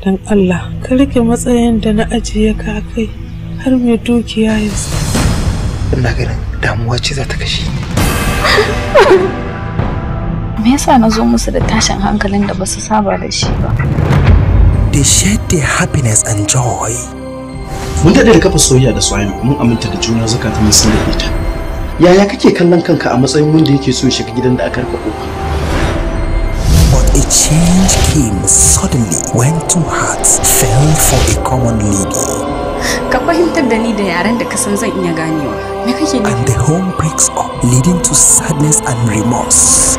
don Allah ka rike matsayin da na ajiye ka kai har mai dukiya ya sa. Ina ganin damuwa ce za ta kashe. Me yasa na zo musu da tashin hankalin da ba su saba da shi ba? They shared their happiness and joy. Mun daɗe da kafa soyayya da Suhaimi mun aminta da juna zakatun mun sun da ita. Yaya kake kallon kanka a matsayin wanda yake so shiga gidan da aka rufe kofa? A change came suddenly when two hearts fell for a common lady. And the home breaks up, leading to sadness and remorse.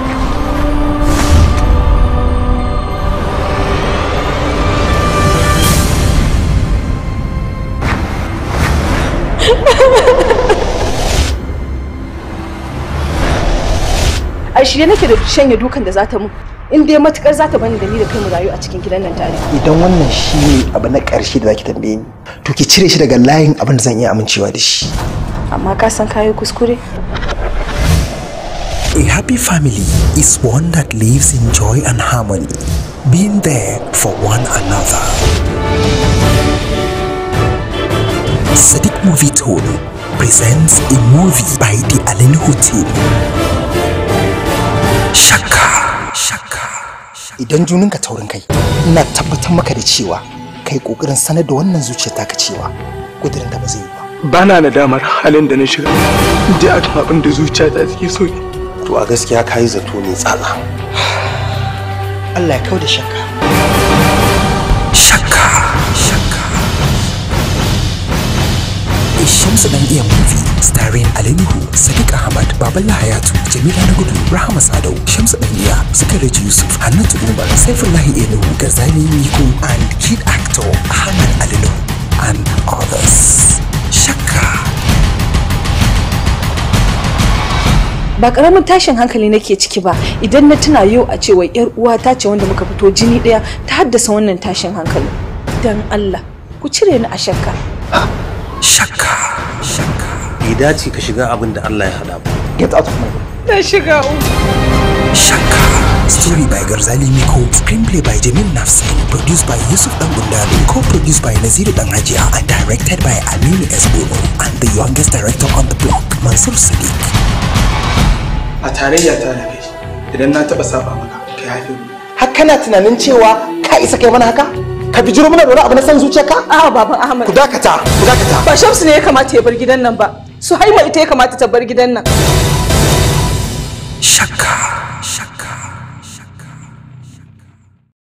a shirye nake da shanye dukan da za ta mu in dai matukar za ta bani da ni da kai mu rayu a cikin gidan nan tare idan wannan shi ne abu na karshe da zaki tambaye ni to ki cire shi daga layin abin da zan iya amincewa da shi amma ka san kayi kuskure A happy family is one that lives in joy and harmony, being there for one another. Sadiq Movie Tone presents a movie by the Alin Hotel. shakka shakka idan juninka taurin kai ina tabbatar maka da cewa kai kokarin sanar da wannan zuciyar taka cewa kudirin da ba zai yi ba bana nadamar halin da na shiga inda a kan abin da zuciya take so to a gaskiya kayi zato ne tsala Allah ya kau da shakka da Shamsu dan iya movie starring Alinuhu, Sadiq Ahmad, Babala Hayatu, Jamila Nagudu, Rahama Sadau, Shamsu dan iya, Sakareji Yusuf, Hannatu Umar, Saifullahi Enuhu, Gazali Miku, and kid actor Ahmad Alinuhu and others. Shaka! ba karamin tashin hankali nake ciki ba idan na tuna yau a cewa yar uwa ta ce wanda muka fito jini daya ta haddasa wannan tashin hankali dan Allah ku cire ni a shakka ah! shakka shakka bai dace ka shiga abin da Allah ya hada ba get out of my na shiga shakka story by Garzali Miko screenplay by Jamil nafsi produced by Yusuf Dangundari co-produced by Naziru dangajia and directed by Aminu S. and the youngest director on the block Mansur Sadiq a tarayya ta da idan na taba saba maka kai haife mu har tunanin cewa ka isa kai mana haka ka bijiro muna da wani abu na san zuciyarka a'a baban ahmad ku dakata ku dakata ba shamsu ne ya kamata ya bar gidan nan ba su haima ita ya kamata ta bar gidan nan shakka shakka